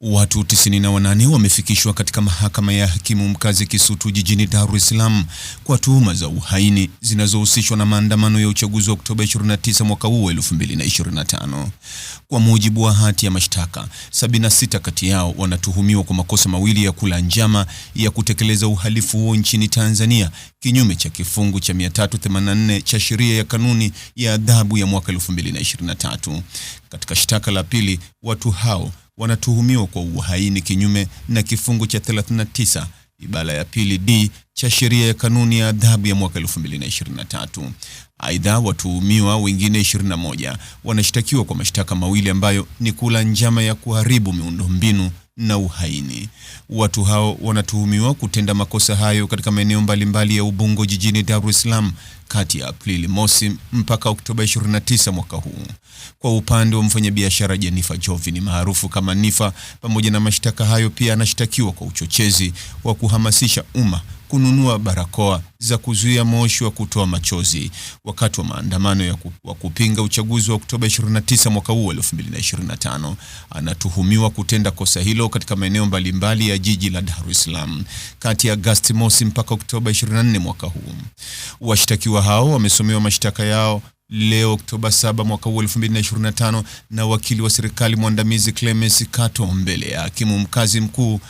Watu 98 wamefikishwa katika mahakama ya hakimu mkazi Kisutu jijini Dar es Salaam kwa tuhuma za uhaini zinazohusishwa na maandamano ya uchaguzi wa Oktoba 29 mwaka huu 2025. Kwa mujibu wa hati ya mashtaka, 76 kati yao wanatuhumiwa kwa makosa mawili ya kula njama ya kutekeleza uhalifu huo nchini Tanzania kinyume cha kifungu cha 384 cha sheria ya kanuni ya adhabu ya mwaka 2023. Katika shtaka la pili, watu hao wanatuhumiwa kwa uhaini kinyume na kifungu cha 39 ibara ya pili D cha sheria ya kanuni ya adhabu ya mwaka 2023. Aidha, watuhumiwa wengine 21 wanashtakiwa kwa mashtaka mawili ambayo ni kula njama ya kuharibu miundombinu na uhaini. Watu hao wanatuhumiwa kutenda makosa hayo katika maeneo mbalimbali ya Ubungo jijini Dar es Salaam kati ya Aprili mosi mpaka Oktoba 29 mwaka huu. Kwa upande wa mfanyabiashara Jenifa Jovin maarufu kama Nifa, pamoja na mashtaka hayo, pia anashtakiwa kwa uchochezi wa kuhamasisha umma kununua barakoa za kuzuia moshi wa kutoa machozi wakati wa maandamano ya ku, wa kupinga uchaguzi wa Oktoba 29 mwaka huu 2025. Anatuhumiwa kutenda kosa hilo katika maeneo mbalimbali ya jiji la Dar es Salaam kati ya Agosti mosi mpaka Oktoba 24 mwaka huu. Washtakiwa Washukiwa hao wamesomewa mashtaka yao leo Oktoba 7 mwaka huu 2025 na wakili wa serikali mwandamizi Clemence Kato mbele ya hakimu mkazi mkuu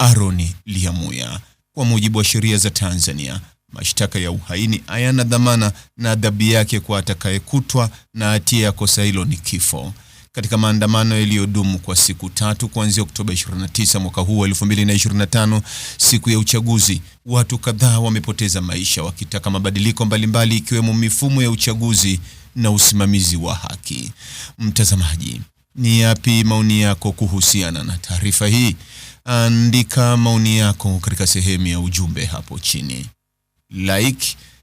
Aaron Lyamuya. Kwa mujibu wa sheria za Tanzania, mashtaka ya uhaini hayana dhamana na adhabu yake kwa atakayekutwa na hatia ya kosa hilo ni kifo katika maandamano yaliyodumu kwa siku tatu kuanzia Oktoba 29 mwaka huu 2025, siku ya uchaguzi. Watu kadhaa wamepoteza maisha wakitaka mabadiliko mbalimbali ikiwemo mifumo ya uchaguzi na usimamizi wa haki. Mtazamaji, ni yapi maoni yako kuhusiana na taarifa hii? Andika maoni yako katika sehemu ya ujumbe hapo chini. Like